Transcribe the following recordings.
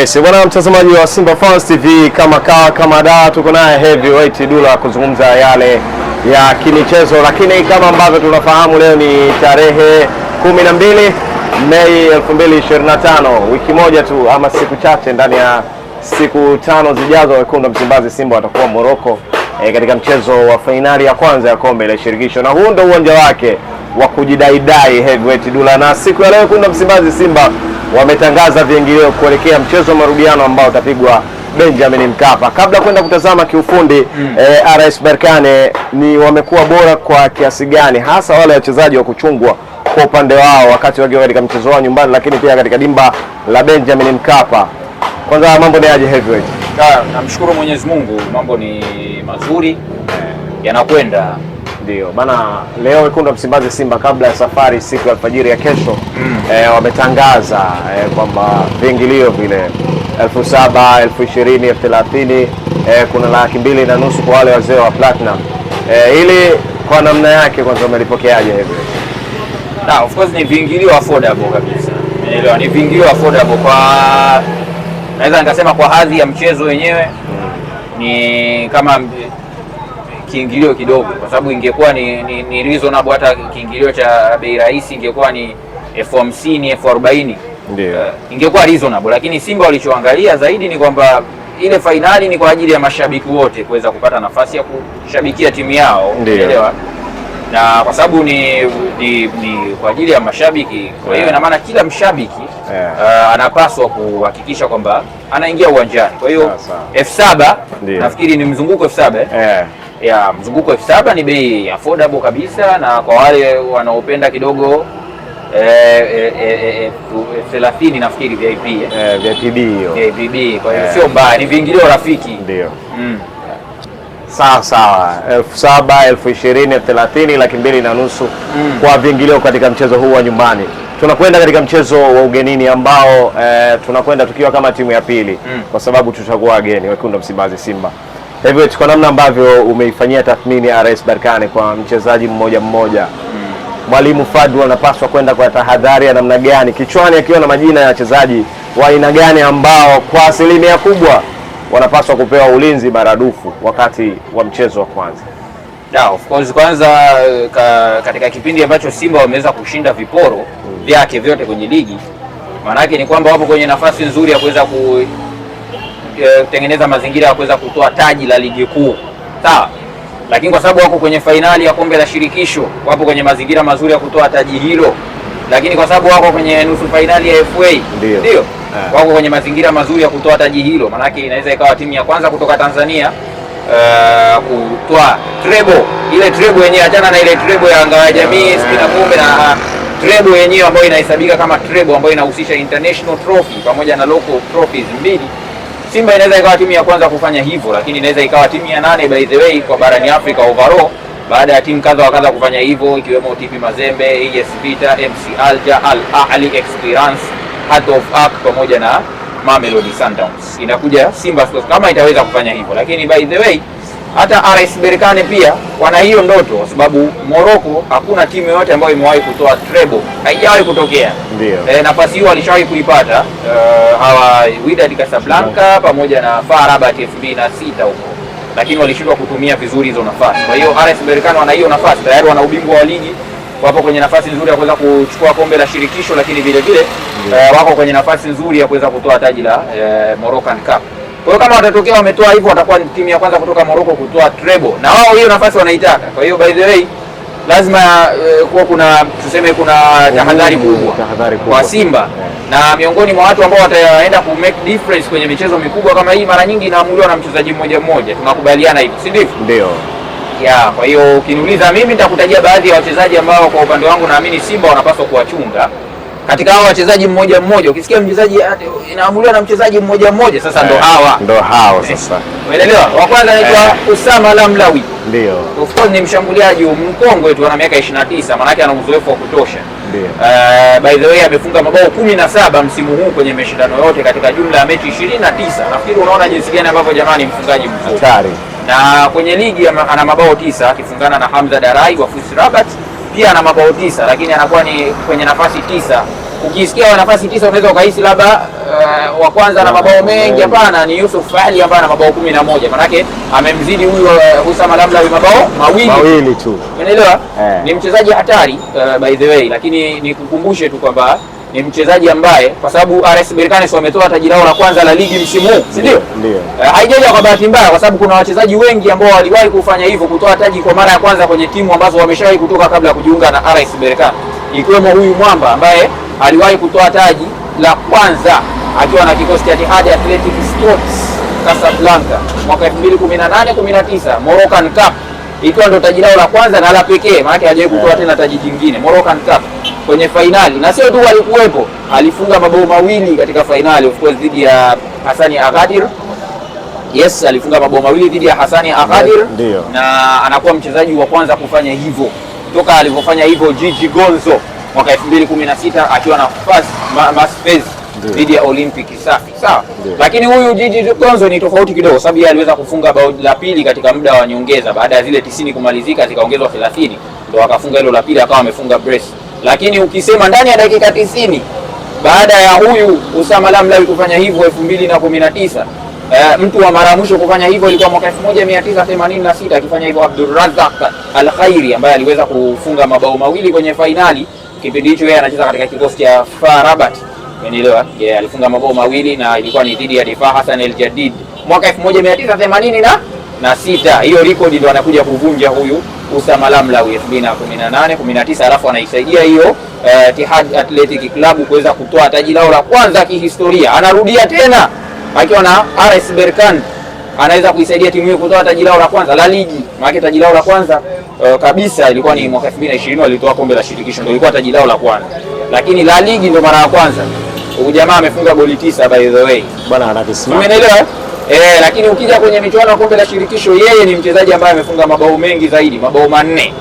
Yes, bwana mtazamaji wa Simba Fans TV, kama kaa kama da, tuko naye Heavyweight Dula kuzungumza yale ya kimichezo, lakini kama ambavyo tunafahamu leo ni tarehe 12 Mei 2025, wiki moja tu ama siku chache, ndani ya siku tano zijazo, wekundu Msimbazi Simba watakuwa Morocco e, katika mchezo wa fainali ya kwanza ya kombe la shirikisho, na huu ndio uwanja wake wa kujidaidai Heavyweight Dula, na siku ya leo wekundu Msimbazi Simba wametangaza viingilio kuelekea mchezo wa marudiano ambao utapigwa Benjamin Mkapa. Kabla kwenda kutazama kiufundi mm. eh, RS Berkane ni wamekuwa bora kwa kiasi gani, hasa wale wachezaji wa kuchungwa kwa upande wao wakati wakiwa katika mchezo wao nyumbani, lakini pia katika dimba la Benjamin Mkapa. Kwanza mambo ni aje Heavyweight? Ah, namshukuru Mwenyezi Mungu, mambo ni mazuri eh, yanakwenda ndio bana, leo wekundu wa Msimbazi Simba kabla ya safari siku ya alfajiri ya kesho mm. e, wametangaza e, kwamba viingilio vile elfu saba elfu ishirini elfu thelathini e, kuna laki mbili na nusu kwa wale wazee wa platinum e, ili kwa namna yake kwanza umelipokeaje hivi? Na of course ni viingilio affordable kabisa, umeelewa, ni viingilio affordable kwa naweza nikasema kwa hadhi ya mchezo wenyewe mm. ni kama kiingilio kidogo, kwa sababu ingekuwa ni, ni, ni reasonable hata kiingilio cha bei rahisi ingekuwa ni elfu hamsini elfu arobaini ndio eh, ingekuwa reasonable, lakini Simba walichoangalia zaidi ni kwamba ile fainali ni kwa ajili ya mashabiki wote kuweza kupata nafasi ya kushabikia timu yao, unaelewa na kwa sababu ni, ni, ni kwa ajili ya mashabiki. Kwa hiyo ina maana kila mshabiki yeah. uh, anapaswa kuhakikisha kwamba anaingia uwanjani. Kwa hiyo ah, elfu saba nafikiri ni mzunguko elfu saba eh? ya mzunguko elfu saba ni bei affordable kabisa, na kwa wale wanaopenda kidogo eh, eh, eh, elfu thelathini nafikiri VIP VIP B hiyo VIP B. Kwa hiyo sio mbaya, ni viingilio rafiki, ndio mm. sawa sawa, elfu saba elfu ishirini elfu thelathini laki mbili na nusu mm. kwa viingilio katika mchezo huu wa nyumbani. Tunakwenda katika mchezo wa ugenini ambao eh, tunakwenda tukiwa kama timu ya pili mm. kwa sababu tutakuwa wageni wekundu Msimbazi Simba Heavyweight, kwa namna ambavyo umeifanyia tathmini RS Berkane kwa mchezaji mmoja mmoja, mwalimu fadu anapaswa kwenda kwa tahadhari ya namna gani, kichwani akiwa na majina ya wachezaji wa aina gani ambao kwa asilimia kubwa wanapaswa kupewa ulinzi maradufu wakati wa mchezo wa kwanza? Yeah, of course, kwanza ka, katika kipindi ambacho Simba wameweza kushinda viporo hmm. vyake vyote kwenye ligi, maanake ni kwamba wapo kwenye nafasi nzuri ya kuweza ku kutengeneza mazingira ya kuweza kutoa taji la ligi kuu sawa, lakini kwa sababu wako kwenye fainali ya kombe la shirikisho, wapo kwenye mazingira mazuri ya kutoa taji hilo, lakini kwa sababu wako kwenye nusu fainali ya FA ndio ah. wako kwenye mazingira mazuri ya kutoa taji hilo, maanake inaweza ikawa timu ya kwanza kutoka Tanzania uh, kutoa trebo ile trebo yenyewe, achana na ile trebo ya Ngao ya Jamii ah. sitini na kumbe na ah, trebo yenyewe ambayo inahesabika kama trebo ambayo inahusisha international trophy pamoja na local trophies mbili. Simba inaweza ikawa timu ya kwanza kufanya hivyo, lakini inaweza ikawa timu ya nane by the way kwa barani Afrika overall, baada ya timu kadha wa kadha kufanya hivyo ikiwemo TP Mazembe, AS Vita, MC Alger, Al Ahli, Experience, Heart of Oak pamoja na Mamelodi Sundowns. Inakuja Simba Sports kama itaweza kufanya hivyo, lakini by the way hata RS Berkane pia wana hiyo ndoto, kwa sababu Morocco hakuna timu yoyote ambayo imewahi kutoa treble, haijawahi kutokea. E, nafasi hiyo walishawahi kuipata uh, hawa Wydad Casablanca mm. pamoja na FAR Rabat 2006 huko, lakini walishindwa kutumia vizuri hizo nafasi. Kwa hiyo RS Berkane wana hiyo nafasi tayari, wana ubingwa wa ligi, wapo kwenye nafasi nzuri ya kuweza kuchukua kombe la shirikisho, lakini vile vile uh, wako kwenye nafasi nzuri ya kuweza kutoa taji la uh, Moroccan Cup. Kwa hiyo kama watatokea wametoa hivyo, watakuwa ni timu ya kwanza kutoka Morocco kutoa treble, na wao hiyo nafasi wanaitaka. Kwa hiyo by the way lazima uh, kuwa kuna tuseme kuna tahadhari kubwa kwa Simba Na miongoni mwa watu ambao wataenda ku make difference kwenye michezo mikubwa kama hii, mara nyingi inaamuliwa na mchezaji mmoja mmoja, tunakubaliana hivi, si ndivyo? Ndio ya. Kwa hiyo ukiniuliza mimi nitakutajia baadhi ya wachezaji ambao kwa upande wangu naamini Simba wanapaswa kuwachunga katika hao wachezaji mmoja mmoja, ukisikia mchezaji inaamuliwa na mchezaji mmoja mmoja, sasa ndo eh, hawa ndo hao eh, sasa, umeelewa? Wa kwanza anaitwa eh. Usama Lamlawi, ndio of course ni mshambuliaji mkongwe tu, ana miaka 29, yake ana uzoefu wa kutosha. Uh, by the way amefunga mabao 17 msimu huu kwenye mashindano yote katika jumla ya mechi 29. Nafikiri unaona jinsi gani ambavyo jamani, mfungaji mzuri na kwenye ligi ana mabao tisa akifungana na Hamza Darai wa FUS Rabat pia ana mabao tisa, lakini anakuwa ni kwenye nafasi tisa. Ukisikia wa nafasi tisa unaweza ukahisi labda uh, wa kwanza na mabao mengi. Hapana, ni Yusuf Ali ambaye ana mabao kumi na moja manake amemzidi huyu eh, Husam Lablawi mabao mawili mawili tu, unaelewa eh. Ni mchezaji hatari uh, by the way, lakini nikukumbushe tu kwamba ni mchezaji ambaye kwa sababu RS Berkane wametoa taji lao la kwanza la ligi msimu huu, si ndio? Eh, haijaja kwa bahati mbaya, kwa sababu kuna wachezaji wengi ambao waliwahi kufanya hivyo, kutoa taji kwa mara ya kwanza kwenye timu ambazo wameshawahi kutoka kabla ya kujiunga na RS Berkane, ikiwemo huyu mwamba ambaye aliwahi kutoa taji la kwanza akiwa na kikosi cha Etihad Athletic Sports Casablanca mwaka 2018 19 Moroccan Cup, ikiwa ndio taji lao la kwanza na la pekee, maana hajawahi kutoa tena taji jingine Moroccan Cup kwenye fainali, na sio tu alikuwepo, alifunga mabao mawili katika fainali, of course dhidi ya Hasani Agadir. Yes, alifunga mabao mawili dhidi ya Hasani Agadir na anakuwa mchezaji wa kwanza kufanya hivyo toka alivyofanya hivyo Gigi Gonzo mwaka 2016 akiwa na phase dhidi ya Olympic. Safi sawa, lakini huyu Gigi Gonzo ni tofauti kidogo, sababu yeye aliweza kufunga bao la pili katika muda wa nyongeza, baada ya zile 90 kumalizika zikaongezwa 30, ndio akafunga hilo la pili, akawa amefunga brace lakini ukisema ndani ya dakika 90 baada ya huyu Usama Lamlawi kufanya hivyo 2019 mbili Uh, mtu wa mara mwisho kufanya hivyo ilikuwa mwaka 1986 akifanya hivyo Abdurrazzaq Al-Khairi ambaye aliweza kufunga mabao mawili kwenye fainali. Kipindi hicho yeye anacheza katika kikosi cha FAR Rabat, unaelewa? Yeah, alifunga mabao mawili na ilikuwa ni dhidi ya Difaa Hassan El Jadid mwaka 1986. Hiyo rekodi ndio anakuja kuvunja huyu Usama Lamlawi 2018 19, alafu anaisaidia hiyo eh, Tihad Athletic Club kuweza kutoa taji lao la kwanza kihistoria. Anarudia tena akiwa na RS Berkane anaweza kuisaidia timu hiyo kutoa taji lao la kwanza la ligi, maana taji lao la kwanza uh, kabisa ilikuwa ni mwaka 2020 walitoa kombe la shirikisho, ndio ilikuwa taji lao la kwanza, lakini la ligi ndio mara ya kwanza. Huyu jamaa amefunga goli tisa by the way bwana, anatusimama. Umeelewa? Eh? eh, lakini ukija kwenye michuano ya kombe la shirikisho yeye ni mchezaji ambaye amefunga mabao mengi zaidi, mabao manne.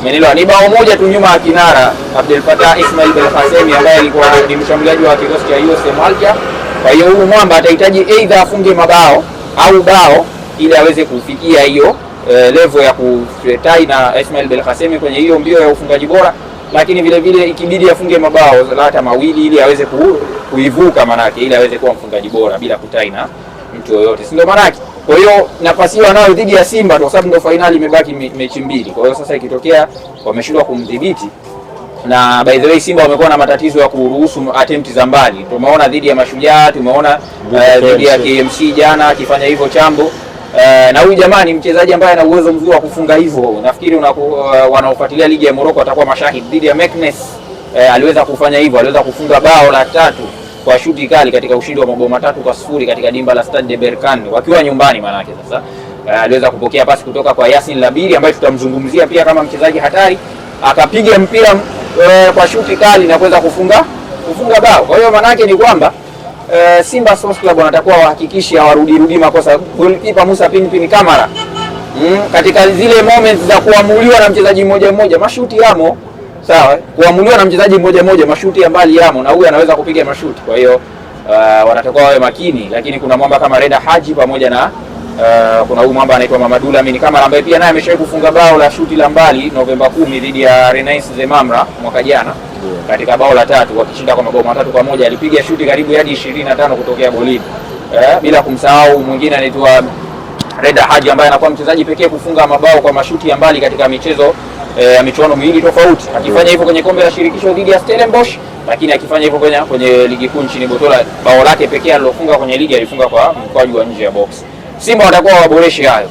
Umeelewa? Ni bao moja tu nyuma ya kinara Abdel Fattah Ismail Belhasemi ambaye alikuwa ni mshambuliaji wa kikosi cha USM Alger. Kwa hiyo huyu mwamba atahitaji aidha afunge mabao au bao ili aweze kufikia hiyo eh, level ya kutai na Ismail Belhasemi kwenye hiyo mbio ya ufungaji bora, lakini vile vile ikibidi afunge mabao hata mawili ili aweze kuivuka, maanake ili aweze kuwa mfungaji bora bila kutaina mtu yoyote, si ndio yake Kwa hiyo nafasi hiyo anayo dhidi ya Simba kwa sababu ndio fainali imebaki mechi mbili. Kwa hiyo sasa ikitokea wameshindwa kumdhibiti na by the way Simba wamekuwa na matatizo ya kuruhusu attempt za mbali. Tumeona dhidi ya Mashujaa, tumeona eh, dhidi uh, ya KMC jana akifanya hivyo Chambo uh, eh, na huyu jamani mchezaji ambaye ana uwezo mzuri wa kufunga hivyo. Nafikiri uh, wanaofuatilia ligi ya Morocco watakuwa mashahidi. Dhidi ya Meknes uh, aliweza kufanya hivyo, aliweza kufunga bao la tatu kwa shuti kali katika ushindi wa mabao matatu kwa sifuri katika dimba la Stade de Berkane wakiwa nyumbani manake sasa. Eh, aliweza kupokea pasi kutoka kwa Yasin Labiri ambaye tutamzungumzia pia kama mchezaji hatari, akapiga mpira e, kwa shuti kali na kuweza kufunga kufunga bao. Kwa hiyo manake ni kwamba e, Simba Sports Club wanatakuwa wahakikishe hawarudi rudi makosa. Goalkeeper Musa Pinpin Kamara mm, katika zile moments za kuamuliwa na mchezaji mmoja mmoja, mashuti yamo sawa, eh? kuamuliwa na mchezaji mmoja mmoja, mashuti ya mbali yamo, na huyu anaweza kupiga mashuti. Kwa hiyo uh, wanatakiwa wawe makini, lakini kuna mwamba kama Reda Haji pamoja na uh, kuna huyu mwamba anaitwa Mamadou Lamine Kamara ambaye pia naye ameshawahi kufunga bao la shuti la mbali Novemba kumi dhidi ya Renaissance Zemamra mwaka jana katika bao la tatu wakishinda kwa mabao matatu kwa moja. Alipiga shuti karibu yadi 25 kutokea golini eh, bila kumsahau mwingine anaitwa Reda Haji ambaye anakuwa mchezaji pekee kufunga mabao kwa mashuti ya mbali katika michezo Eh, ya michuano miwili tofauti, akifanya hivyo kwenye kombe la shirikisho dhidi ya Stellenbosch, lakini akifanya hivyo kwenye, kwenye ligi kuu nchini Botola, bao lake pekee alilofunga kwenye ligi alifunga kwa mkwaju wa nje ya box. Simba watakuwa waboreshi hayo.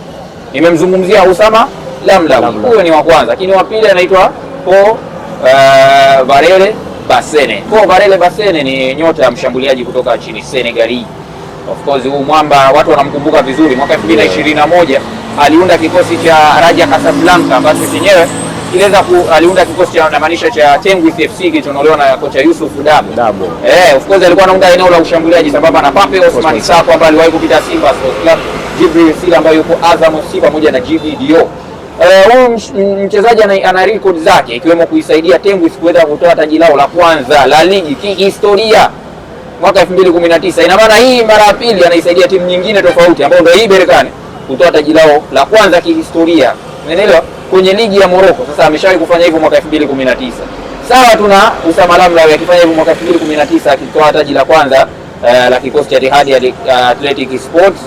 Nimemzungumzia Usama Lamla, huyo ni wa kwanza, lakini wa pili anaitwa Po uh, Varele Basene. Po Varele Basene ni nyota ya mshambuliaji kutoka nchini Senegal. Of course huu mwamba watu wanamkumbuka vizuri, mwaka 2021 yeah, aliunda kikosi cha Raja Casablanca ambacho chenyewe aliweza aliunda kikosi cha namaanisha cha Tengu FC kilichonolewa na kocha Yusuf Dabo. Dabo. Eh, of course alikuwa anaunda eneo la ushambuliaji sambamba na Pape Osman Sako ambaye aliwahi kupita Simba Sports Club, Jibril Sila ambaye yuko Azam FC pamoja na Eh, Huyu mchezaji ana record zake ikiwemo kuisaidia Tengu kuweza kutoa taji lao la kwanza la ligi kihistoria mwaka 2019. Ina maana hii mara ya pili anaisaidia timu nyingine tofauti ambayo ndio hii Berkane kutoa taji lao la kwanza kihistoria. Unaelewa? kwenye ligi ya Morocco. Sasa ameshawahi kufanya hivyo mwaka 2019. Sawa, tuna Usama Lamlawi akifanya hivyo mwaka 2019 akitoa taji la kwanza uh, la kikosi cha Etihad Athletic Sports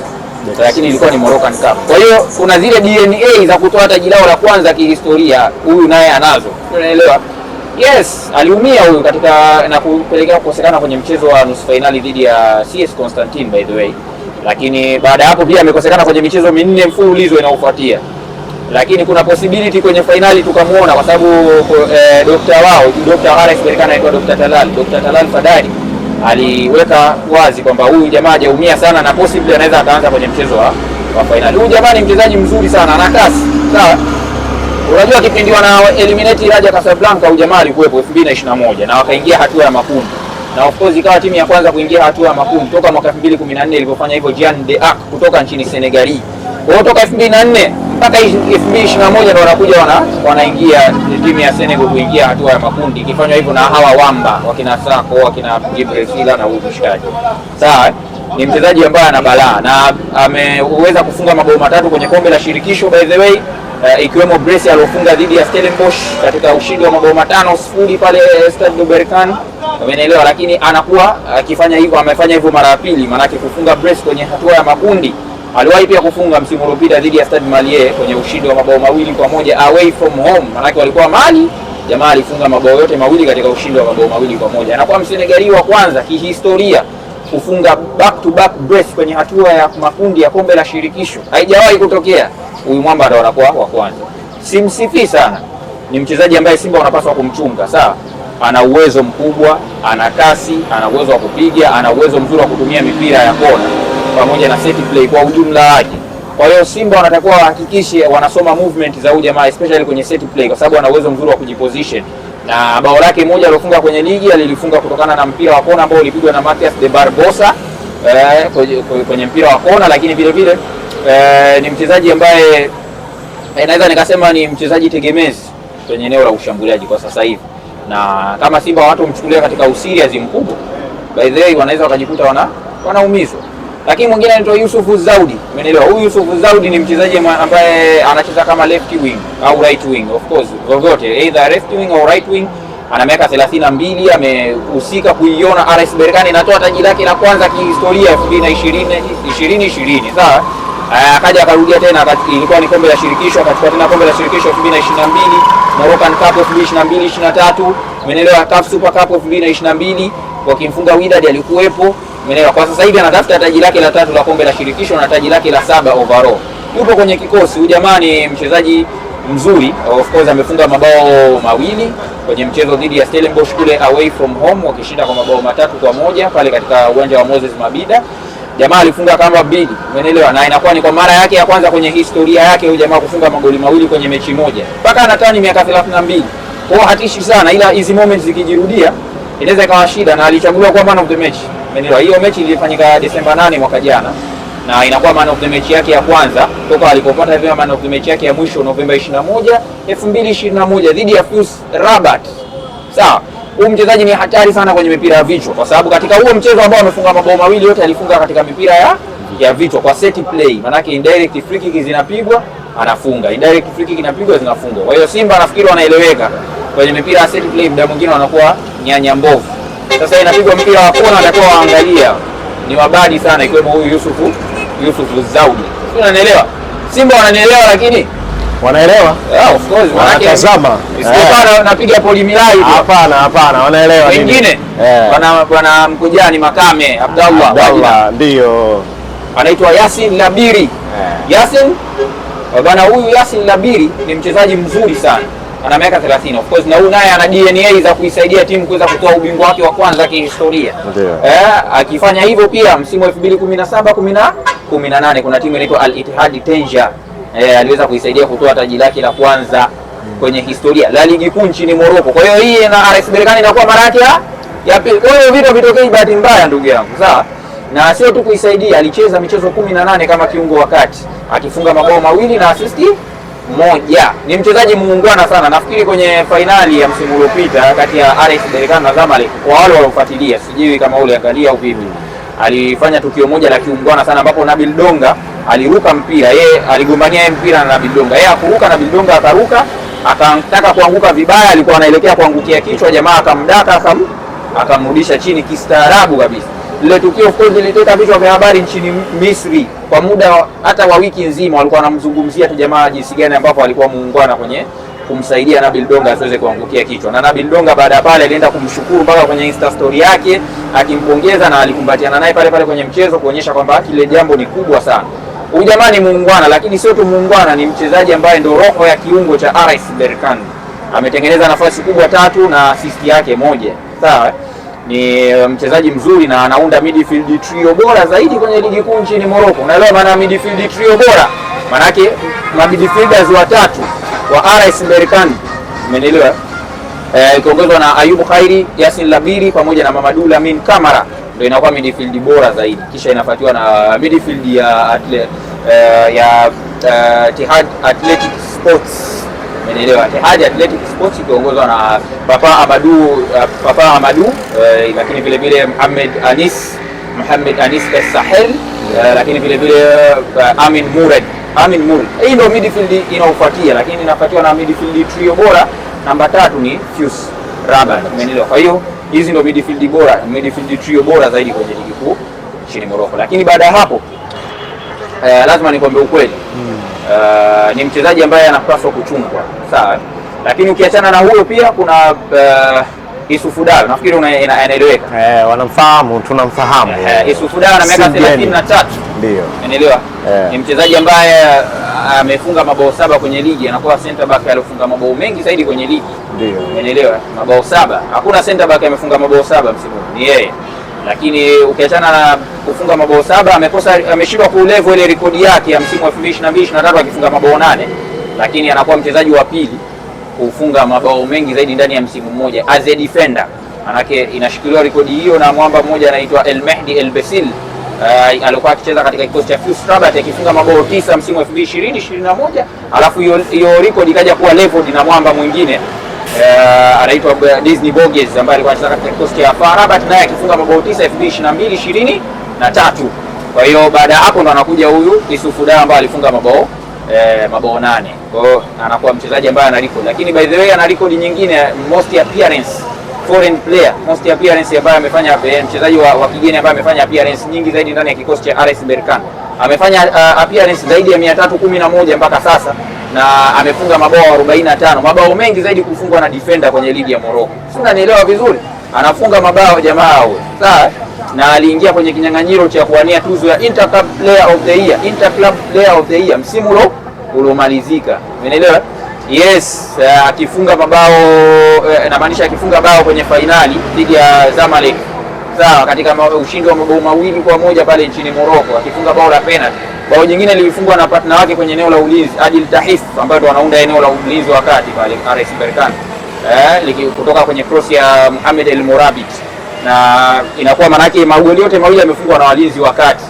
lakini ilikuwa ni Moroccan Cup. Kwa hiyo kuna zile DNA za kutoa taji lao la kwanza kihistoria, huyu naye anazo, unaelewa? Yes, aliumia huyu katika na kupelekea kukosekana kwenye mchezo wa nusu fainali dhidi ya CS Constantine by the way, lakini baada ya hapo pia amekosekana kwenye michezo minne mfululizo inayofuatia lakini kuna possibility kwenye fainali tukamuona kwa sababu eh, dokta wao dokta Harris Berkana aitwa dokta Talal, dokta Talal Fadadi aliweka wazi kwamba huyu jamaa hajaumia sana na possibly anaweza akaanza kwenye mchezo wa, wa fainali. Huyu jamaa ni mchezaji mzuri sana na kasi sawa. Unajua kipindi wana eliminate Raja Casablanca huyu jamaa alikuwepo 2021 na wakaingia hatua ya makundi, na of course ikawa timu ya kwanza kuingia hatua ya makundi toka mwaka 2014 ilipofanya hivyo Jean de Arc kutoka nchini Senegal. Kwa hiyo toka 2004 mpaka elfu mbili ishirini na moja ndo wanakuja wanaingia timu ya Senegal kuingia hatua ya makundi, ikifanywa hivyo na hawa wamba wakina Sako wakina Jibril Sila na huyu mshikaji. Sawa, ni mchezaji ambaye ana balaa na ameweza kufunga mabao matatu kwenye kombe la shirikisho by the way Uh, ikiwemo brace aliofunga dhidi ya Stellenbosch katika ushindi wa mabao matano sifuri pale Stade de Berkan, umeelewa. Lakini anakuwa akifanya uh, hivyo amefanya hivyo mara ya pili, maanake kufunga brace kwenye hatua ya makundi aliwahi pia kufunga msimu uliopita dhidi ya Stade Malien kwenye ushindi wa mabao mawili kwa moja away from home, manake walikuwa Mali. Jamaa alifunga mabao yote mawili katika ushindi wa mabao mawili kwa moja anakuwa Msenegali wa kwanza kihistoria kufunga back to back brace kwenye hatua ya makundi ya kombe la shirikisho, haijawahi kutokea. Huyu mwamba ndo anakuwa wa kwanza. Simsifii sana, ni mchezaji ambaye Simba wanapaswa kumchunga. Sawa, ana uwezo mkubwa, ana kasi, ana uwezo wa kupiga, ana uwezo mzuri wa kutumia mipira ya kona pamoja na set play kwa ujumla wake. Kwa hiyo Simba wanatakiwa wahakikishe wanasoma movement za huyu jamaa especially kwenye set play, kwa sababu ana uwezo mzuri wa kujiposition na bao lake moja alofunga kwenye ligi alilifunga kutokana na mpira wa kona ambao ulipigwa na Matias de Barbosa eh, kwenye kwenye mpira wa kona, lakini vile vile eh, ni mchezaji ambaye eh, naweza nikasema ni mchezaji tegemezi kwenye eneo la ushambuliaji kwa sasa hivi, na kama Simba watu mchukulia katika usiri azimkubwa, by the way, wanaweza wakajikuta wana wanaumizwa lakini mwingine anaitwa Yusuf Zaudi, umeelewa? Huyu Yusuf Zaudi ni mchezaji ambaye anacheza kama left wing au right wing, of course vyovyote, either left wing au right wing. Ana miaka 32, amehusika kuiona RS Berkane inatoa taji lake la kwanza kihistoria 2020 2020, sawa. Eh, akaja akarudia tena, ilikuwa ni kombe la shirikisho, akachukua tena kombe la shirikisho 2022, Moroccan Cup 2022 23, umeelewa? CAF Super Cup 2022 wakimfunga Wydad alikuwepo Umeelewa? Kwa sasa hivi anatafuta taji lake la tatu la kombe la shirikisho na taji lake la saba overall. Yupo kwenye kikosi, huyu jamani mchezaji mzuri, of course amefunga mabao mawili kwenye mchezo dhidi ya Stellenbosch kule away from home, wakishinda kwa mabao matatu kwa moja pale katika uwanja wa Moses Mabida. Jamaa alifunga kama mbili, umeelewa, na inakuwa ni kwa mara yake ya kwanza kwenye historia yake huyu jamaa kufunga magoli mawili kwenye mechi moja, mpaka anatani miaka 32. Kwa hatishi sana, ila hizi moments zikijirudia inaweza ikawa shida, na alichaguliwa kuwa man of the match. Umeelewa? Hiyo mechi ilifanyika Desemba 8 mwaka jana na inakuwa man of the match yake ya kwanza toka alipopata vyema man of the match yake ya mwisho Novemba 21, 2021 dhidi ya FUS Rabat. Sawa. Huyu mchezaji ni hatari sana kwenye mipira ya vichwa kwa sababu katika huo mchezo ambao amefunga mabao mawili yote alifunga katika mipira ya ya vichwa kwa set play. Maanake indirect free kick zinapigwa anafunga. Indirect free kick inapigwa zinafungwa. Kwa hiyo Simba nafikiri wanaeleweka kwenye mipira ya set play, muda mwingine wanakuwa nyanya mbovu. Sasa inapigwa mpira wa kona, atakuwa waangalia ni wabadi sana, ikiwemo huyu Yusufu Yusufu Zaudi, Unanielewa? Simba wananielewa, lakini wanaelewa yeah, of course wanatazama, isipopana eh. napiga poli milai Hapana, hapana, wanaelewa wengine. Eh. Bwana bwana Mkujani Makame Abdallah, Abdallah ndio anaitwa Yasin Labiri, yeah. Yasin bwana, huyu Yasin Labiri ni mchezaji mzuri sana ana miaka 30 of course, na huyu naye ana DNA za kuisaidia timu kuweza kutoa ubingwa wake wa kwanza kihistoria. Ndio. Eh, akifanya hivyo pia msimu wa 2017 18 kuna timu inaitwa Al Ittihad Tanger eh, aliweza kuisaidia kutoa taji lake la kwanza kwenye historia la ligi kuu nchini Morocco. Kwa hiyo hii na RS Berkane inakuwa mara yake ya pili. Kwa hiyo vitu vitokee bahati mbaya, ndugu yangu, sawa na sio tu kuisaidia, alicheza michezo 18 kama kiungo wakati akifunga mabao mawili na asisti moja. Ni mchezaji muungwana sana, nafikiri kwenye fainali ya msimu uliopita kati ya Alex Berkane na Zamalek, kwa wale waliofuatilia, sijui kama ule angalia au vipi, alifanya tukio moja la kiungwana sana, ambapo Nabil Donga aliruka mpira, yeye aligombania yeye mpira na Nabil Donga, yeye akuruka, Nabil Donga akaruka, akataka kuanguka vibaya, alikuwa anaelekea kuangukia kichwa, jamaa akamdaka, akam akamrudisha chini kistaarabu kabisa. Lile tukio of course liliteka vichwa vya habari nchini Misri kwa muda hata wa wiki nzima walikuwa wanamzungumzia tu jamaa jinsi gani ambapo alikuwa muungwana kwenye kumsaidia Nabil Donga asiweze kuangukia kichwa. Na Nabil Donga baada ya pale alienda kumshukuru mpaka kwenye Insta story yake akimpongeza na alikumbatiana naye pale pale kwenye mchezo kuonyesha kwamba kile jambo ni kubwa sana. Huyu jamaa ni muungwana, lakini sio tu muungwana, ni mchezaji ambaye ndio roho ya kiungo cha RS Berkane. Ametengeneza nafasi kubwa tatu na assist yake moja. Sawa? ni eh, mchezaji mzuri na anaunda midfield trio bora zaidi kwenye ligi kuu nchini Morocco. Unaelewa maana midfield trio bora? Maana yake ma midfielders watatu wa RS Berkane, Umeelewa? Eh, ikiongozwa na Ayub Khairi, Yasin Labiri pamoja na Mamadou Lamine Kamara ndio inakuwa midfield bora zaidi, kisha inafuatiwa na midfield ya atle, uh, ya uh, eh, Tihad Athletic Sports umeelewa. Tehadi Athletic Sports ikiongozwa na Papa Amadu, eh, Papa Amadu eh, lakini vile vile Mohamed Anis Mohamed Anis Es Sahel eh, lakini vile vile Amin Murad Amin Murad. Hii ndio midfield inaofuatia, lakini inafuatiwa na midfield trio bora namba tatu ni fius Rabat, umeelewa. Kwa hiyo hizi ndio midfield bora midfield trio bora zaidi kwenye ligi kuu nchini Morocco, lakini baada ya hapo eh, lazima nikwambie ukweli mm. Uh, ni mchezaji ambaye anapaswa kuchungwa sawa, lakini ukiachana na huyo pia kuna uh, Isufu Dalo nafikiri anaeleweka. Eh, wanamfahamu, tunamfahamu. Eh, eh Isufu Dalo ana miaka 33. Ndio. Unaelewa? Ni mchezaji ambaye amefunga mabao saba kwenye ligi, anakuwa center back aliyofunga mabao mengi zaidi kwenye ligi. Ndio. Unaelewa? Mabao saba. Hakuna center back amefunga mabao saba msimu. Ni yeye lakini ukiachana na kufunga mabao saba amekosa, ameshindwa kulevel ile rekodi yake ya msimu wa 2022 23 akifunga mabao nane, lakini anakuwa mchezaji wa pili kufunga mabao mengi zaidi ndani ya msimu mmoja as a defender, manake inashikiliwa rekodi hiyo na mwamba mmoja anaitwa El Mehdi El Besil. Uh, alikuwa akicheza katika kikosi cha FUS Rabat akifunga mabao tisa msimu wa 2020 21, alafu hiyo rekodi ikaja kuwa leveled na mwamba mwingine uh, anaitwa Disney Borges ambaye alikuwa anacheza katika kikosi cha FAR Rabat, naye akifunga mabao 9 2022 ishirini na tatu. Kwa hiyo baada ya hapo ndo anakuja huyu Isufu Da ambaye alifunga mabao eh, mabao nane. Kwa hiyo anakuwa mchezaji ambaye ana record, lakini by the way ana record nyingine most appearance foreign player most appearance ambaye amefanya eh, mchezaji wa, wa kigeni ambaye amefanya appearance nyingi zaidi ndani ya kikosi cha RS Berkane amefanya uh, appearance zaidi ya 311 mpaka sasa na amefunga mabao 45, mabao mengi zaidi kufungwa na defender kwenye ligi ya Morocco. Sina nielewa vizuri, anafunga mabao jamaa huyo, sawa na aliingia kwenye kinyang'anyiro cha kuwania tuzo ya Inter Club Player of the Year, Inter Club Player of the Year msimu ulo uliomalizika, umeelewa? Yes, eh, akifunga mabao eh, namaanisha akifunga bao kwenye fainali dhidi ya Zamalek, sawa, katika ushindi wa mabao mawili kwa moja pale nchini Morocco, akifunga bao la penalty bao jingine lilifungwa na partner wake kwenye eneo la ulinzi Adil Tahif, ambayo wanaunda eneo la ulinzi wakati pale RS Berkane eh, kutoka kwenye cross ya Mohamed El Morabit, na inakuwa maana yake magoli yote mawili yamefungwa na walinzi wakati.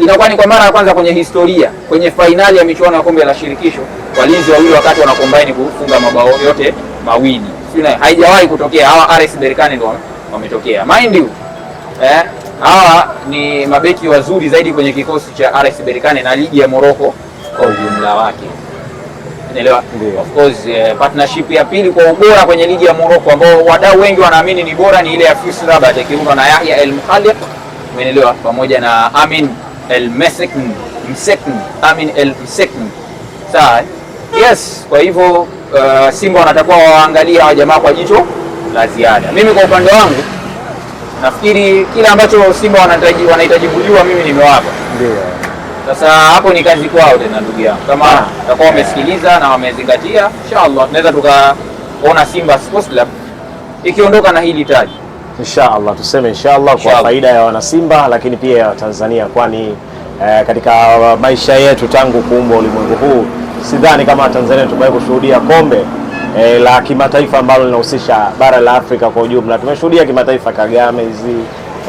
Inakuwa ni kwa mara ya kwanza kwenye historia kwenye fainali ya michuano ya kombe la shirikisho walinzi wawili wakati wanakombaini kufunga mabao yote mawili, haijawahi kutokea. Hawa RS Berkane ndio wametokea, mind you eh hawa ni mabeki wazuri zaidi kwenye kikosi cha RS Berkane na ligi ya Morocco kwa ujumla wake. Unaelewa? Of course eh, partnership ya pili kwa ubora kwenye ligi ya Morocco ambao wadau wengi wanaamini ni bora ni ile ya FUS Rabat ikiundwa na Yahya El Mkhaliq, umeelewa, pamoja na Amin El Msekn, Msekn, Amin El Msekn. Sawa? Yes, kwa hivyo uh, Simba wanatakuwa waangalia hawa jamaa kwa jicho la ziada. Mimi kwa upande wangu nafikiri kile ambacho Simba wanahitaji wanahitaji kujua mimi nimewapa. Ndio. Sasa hapo ni kazi kwao tena ndugu yangu, kama ah. watakuwa wamesikiliza na wamezingatia, inshallah tunaweza tukaona Simba Sports Club ikiondoka na hili taji inshallah, tuseme inshallah kwa faida ya wanasimba, lakini pia ya Tanzania, kwani eh, katika maisha yetu tangu kuumbwa ulimwengu huu sidhani kama Tanzania tumewahi kushuhudia kombe eh, la kimataifa ambalo linahusisha bara la Afrika kwa ujumla. Tumeshuhudia kimataifa Kagame hizi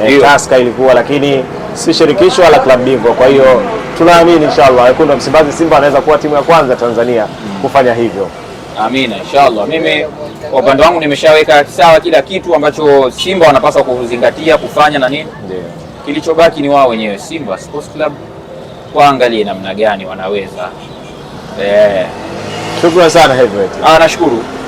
eh, Taska ilikuwa lakini si shirikisho wala klabu bingwa. Kwa hiyo tunaamini inshallah wekundu wa Msimbazi Simba anaweza kuwa timu ya kwanza Tanzania kufanya hivyo. Amina, inshallah. Mimi kwa upande wangu nimeshaweka sawa kila kitu ambacho Simba wanapaswa kuzingatia kufanya na nini. Kilichobaki ni wao wenyewe Simba Sports Club waangalie namna gani wanaweza eh. Shukrani sana Heavyweight. Ah, nashukuru.